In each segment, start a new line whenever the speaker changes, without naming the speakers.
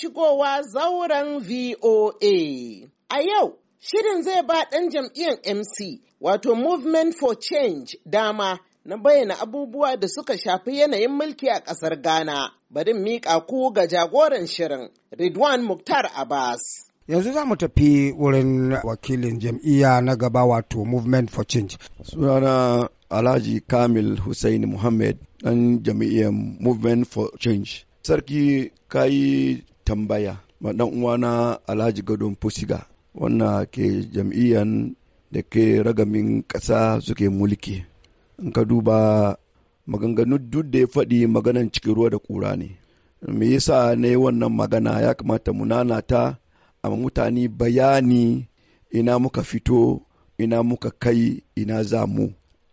shigowa zauren VOA. A yau, shirin zai ba ɗan jam'iyyar MC, wato Movement for Change dama na bayyana abubuwa da suka shafi yanayin mulki a ƙasar Ghana. Bari miƙa ku ga jagoran shirin, Ridwan Muktar Abbas. yanzu za mu tafi wurin wakilin jam'iyya na gaba wato movement for change
sunana alhaji kamil hussein muhammad ɗan jam'iyyar movement for change sarki kayi tambaya ma dan uwana Alhaji Gadon Fusiga wannan ke jam'iyyan da ke ragamin ƙasa suke mulki in ka duba maganganu duk da ya faɗi maganan cikin ruwa da ƙura ne me yasa ne wannan magana ya kamata mu ta a mutane bayani ina muka fito ina muka kai ina za mu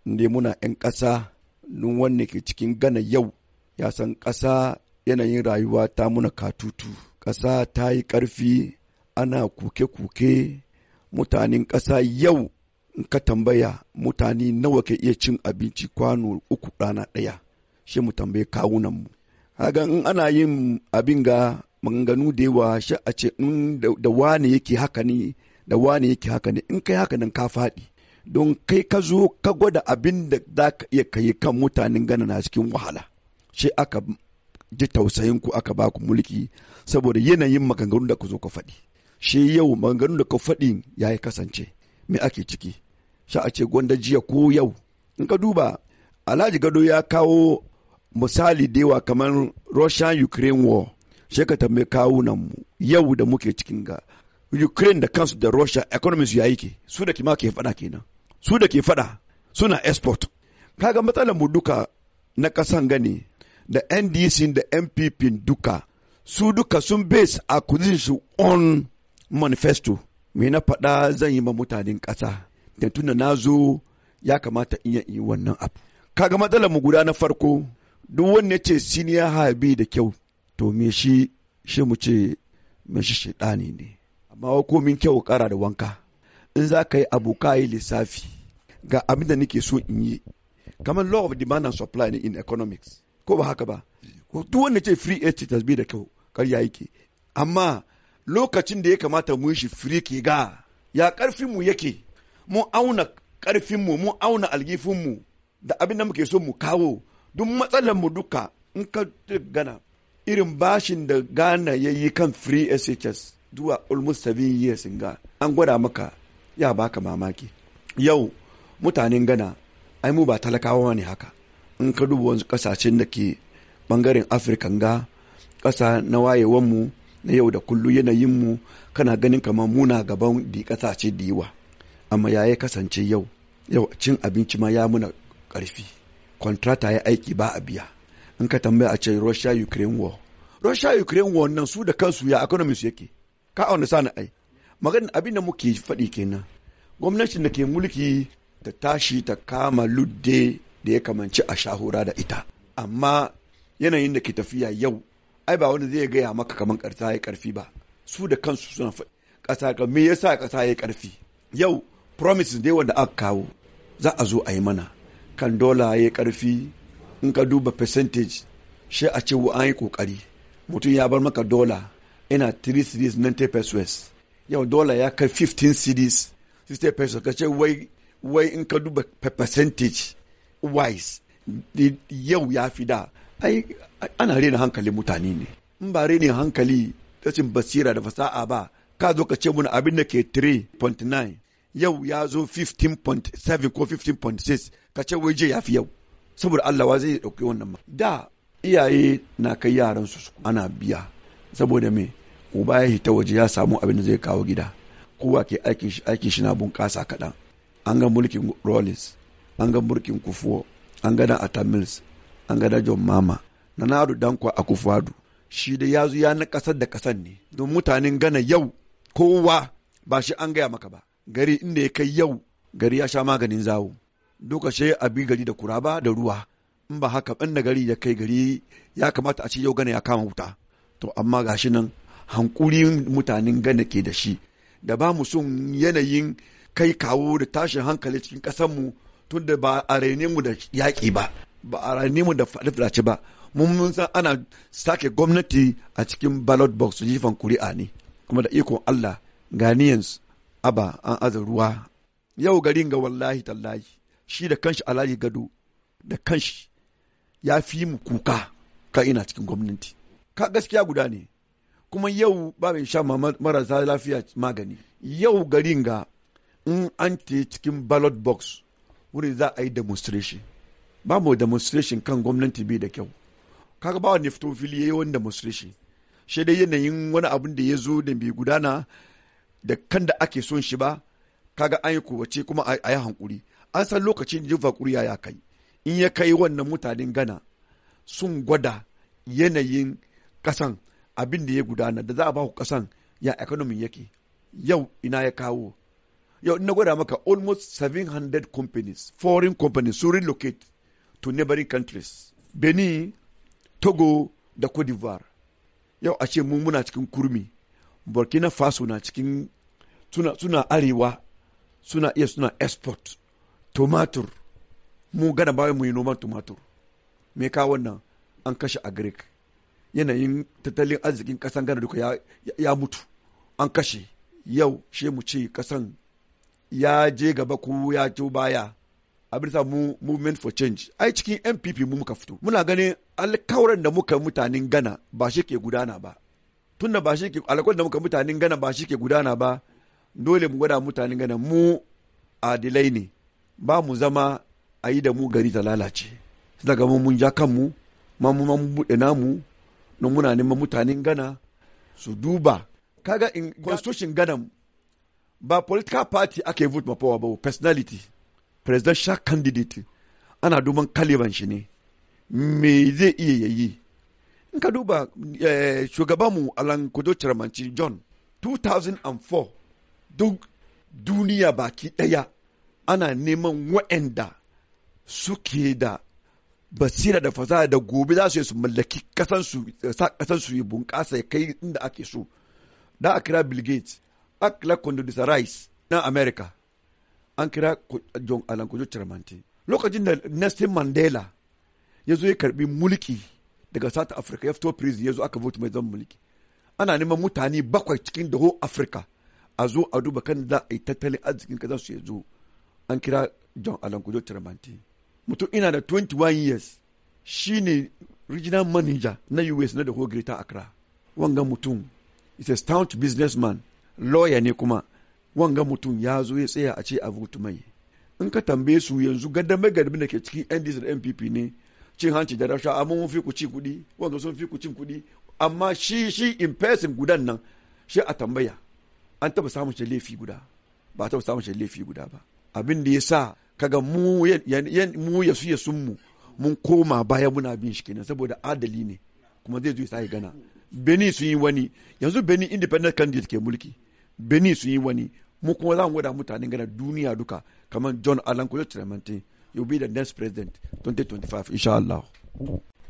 inda muna 'yan ƙasa nun wanne ke cikin gana yau ya san ƙasa yanayin rayuwa ta muna katutu ƙasa ta yi ƙarfi ana kuke-kuke mutanen ƙasa yau in ka tambaya mutane nawa ka iya cin abinci kwano uku rana ɗaya shi mu tambaye kawunanmu haga in ana yin abin ga maganganu da yawa shi a ce in da wane yake haka ne da wane yake haka ne in kai haka nan ka faɗi don kai ka zo ka gwada abin da za ka iya kai kan mutanen gana na cikin wahala shi aka ji tausayin ku aka ba ku mulki saboda yanayin maganganun da ku zo ka faɗi shi yau maganganun da ka faɗi ya yi kasance me ake ciki sha a ce gwanda jiya ko yau in ka duba alhaji gado ya kawo misali da kamar russia ukraine war shi ka tambaye kawunan mu yau da muke cikin ga ukraine da kansu da russia economy su yayi ke su da kima ke faɗa kenan su da ke faɗa suna export kaga matsalar mu duka na kasan gani da ndc da npp duka su duka sun base acquisition su on manifesto me na faɗa zan yi ma mutanen ƙasa da tunda na zo ya kamata in yi wannan abu kaga matsalar mu guda na farko duk wanne ce senior habi da kyau to me shi shi mu ce me shi shaidani ne amma komin kyau kara da wanka in za ka yi abu ka yi lissafi ga abin da nake so in yi kamar law of demand and supply in economics ko ba haka ba ko duk wanda ce free agent tasbi da kyau kar karya yake amma lokacin da ya kamata mu shi free ke ga ya karfin mu yake mun auna karfin mu mun auna algifin mu da abin da muke so mu kawo duk matsalar mu duka in ka gana irin bashin da gana ya yi kan free SHS zuwa almost seven years ga an gwada maka ya baka mamaki yau mutanen gana ai mu ba talakawa ne haka in ka duba wasu kasashen da ke bangaren afirka ga kasa na wayewanmu na yau da kullu yanayinmu kana ganin kamar muna gaban di kasashe da yawa amma ya kasance yau yau cin abinci ma ya muna karfi kontrata ya aiki ba a biya in ka tambaya a ce russia ukraine war russia ukraine war nan su da kansu ya economy su yake ka auna sana ai maganin abin da muke faɗi kenan gwamnatin da ke mulki ta tashi ta kama ludde da ya kamanci a shahura da ita amma yanayin da ke tafiya yau ai ba wani zai gaya maka kamar karta ya ƙarfi ba su da kansu suna ƙasa ka me yasa ƙasa ya karfi yau promises dai wanda aka kawo za a zo a yi mana kan dola ya ƙarfi in ka duba percentage shi a ce an yi ƙoƙari mutum ya bar maka dola ina 3 cities 90 pesos yau dola ya kai 15 cities 60 pesos ka ce wai wai in ka duba percentage wise yau ya fi da ai ana rena hankalin mutane ne in ba rena hankali rashin basira da fasa'a ba ka zo ka ce mun abin da ke 3.9 yau ya zo 15.7 ko 15.6 ka ce wai je ya fi yau saboda Allah wa zai dauki wannan ma da iyaye na kai yaran su ana biya saboda me uba ya hita waje ya samu abin da zai kawo gida kowa ke aikin shi aikin shi na bunƙasa kaɗan an ga mulkin Rollins an ga burkin kufuwa an ga da atamils an ga da john mama na nadu dankwa a du. shi da ya zuya ya na kasar da kasar ne don mutanen gana yau kowa ba shi an gaya maka ba gari inda ya kai yau gari ya sha maganin zawo lokacin a bi gari da kuraba da ruwa in ba haka ban da gari ya kai gari ya kamata a ce yau gana ya kama wuta to amma gashi nan hankulin mutanen gana ke da shi da ba mu son yanayin kai kawo da tashin hankali cikin ƙasarmu tunda ba a raine mu da yaƙi ba ba a raine mu da fadace ba mun mun san ana sake gwamnati a cikin ballot box jifan kuri'a ne kuma da ikon Allah Ghanaians aba an aza ruwa yau garin ga wallahi tallahi shi da kanshi Alhaji Gado da kanshi ya fi mu kuka ka ina cikin gwamnati ka gaskiya guda ne kuma yau ba mai sha marasa lafiya magani yau garin ga in an te cikin ballot box wurin za a yi demonstration ba mu demonstration kan gwamnati bai da kyau kaga ba wani fito fili yi wani demonstration shi dai yanayin wani abin da ya zo da bai gudana da kan da ake son shi ba kaga an yi kowace kuma a yi hankuri an san lokacin da jin fakuri ya kai in ya kai wannan mutanen gana sun gwada yanayin kasan abin da ya gudana da za a ba ku kasan ya economy yake yau ina ya kawo yau na gwada maka almost 700 companies foreign companies sun relocate to neighboring countries benin togo da cote d'ivoire yau a ce mu muna cikin kurmi burkina faso na cikin suna, suna arewa suna iya suna export tomatur mu gana bayan mu yi noman tomatur me ka wannan an kashe a greek yanayin tattalin arzikin kasan gana duka ya, ya, ya mutu an kashe yau she mu ce kasan ya je gaba ko ya ci baya abin sa mu movement for change ai cikin npp mu muka fito muna ganin alkawarin da muka mutanen gana ba shi ke gudana ba tunda ba shi ke alkawarin da muka mutanen gana ba shi ke gudana ba dole mu gwada mutanen gana mu adilai ne ba mu zama a yi da mu gari ta lalace daga mu mun ja kanmu ma mu mun buɗe namu don muna neman mutanen gana su duba kaga in constitution gana ba political party ake vote ma ba personality presidential candidate ana duban kaliban shi ne me zai iya yayi in ka duba eh, shugabanmu alan kudo ciramanci john 2004 duk duniya baki ɗaya ana neman wa'anda suke da basira da fasaha da gobe za su su mallaki kasansu eh, sa kasansu ya bunƙasa ya kai inda ake so da a kira bill gates akla condoleezza rice na america an kira john alan kujo charmanti lokacin da nelson mandela ya zo ya karbi mulki daga south africa ya fito prison ya zo aka vote mai zan mulki ana neman mutane bakwai cikin daho afirka a zo a duba kan za a yi tattalin arzikin ka za ya zo an kira john alan kujo mutum ina da 21 years shine regional manager na us na daho greater accra wangan mutum is a staunch businessman lawyer ne kuma wanga mutum ya zo ya tsaya a ce a vote mai in ka tambaye su yanzu gadame gadame da ke cikin NDC da NPP ne cin hanci da rasha amma mun fi ku ci kuɗi wanga sun fi ku cin kuɗi amma shi shi in person gudan nan shi a tambaya an taba samun shi laifi guda ba taba samun shi laifi guda ba abin da ya sa kaga mu ya su ya sun mu mun koma baya muna bin shi kenan saboda adali ne kuma zai zo ya sa gana beni sun yi wani yanzu beni independent candidate ke mulki beni sun yi wani mu kuma za mu gwada mutanen gana duniya duka kamar john allen kujo tiramante yau bi da next president 2025 insha Allah.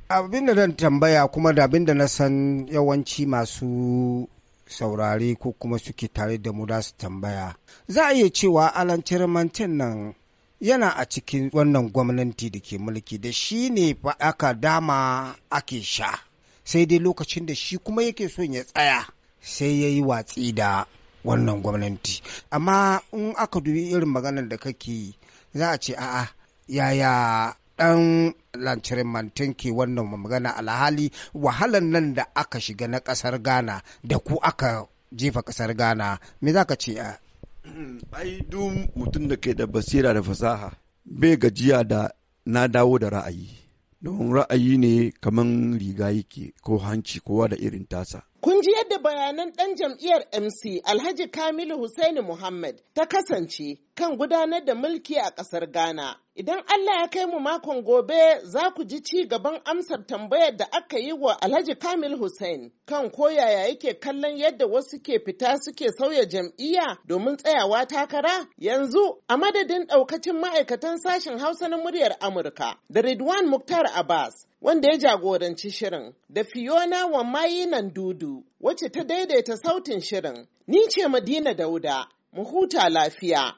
abin da zan tambaya kuma da abin da na san yawanci masu saurari ko kuma suke tare da mu da su tambaya za a iya cewa alan tiramantin nan yana a cikin wannan gwamnati da ke mulki da shi ne fa aka dama ake sha sai dai lokacin da shi kuma yake son ya tsaya sai ya yi watsi da wannan gwamnati amma in aka dubi irin maganar da kake yi za a ce a'a yaya dan lancirin mantin ke wannan magana alhali wahalan nan da aka shiga na kasar ghana da ku aka jefa kasar ghana me za ka ce a
ai duk mutum da ke da basira da fasaha bai gajiya da na dawo da ra'ayi don ra'ayi ne kaman riga yake ko hanci kowa da irin tasa
Kun ji yadda bayanan ɗan jam'iyyar MC Alhaji Kamilu Hussaini Muhammad ta kasance kan gudanar da mulki a ƙasar Ghana. Idan Allah ya kai mu makon gobe za ku ji ci gaban amsar tambayar da aka yi wa Alhaji Kamil Hussein kan koyaya yake kallon yadda wasu ke fita suke sauya jam'iyya domin tsayawa takara yanzu a madadin ɗaukacin ma'aikatan sashen Hausa na muryar Amurka da Ridwan Muktar Abbas. wanda ya jagoranci shirin, da Fiona Wamayi nan dudu, wacce ta daidaita sautin shirin. Ni ce Madina Dauda, mu huta lafiya.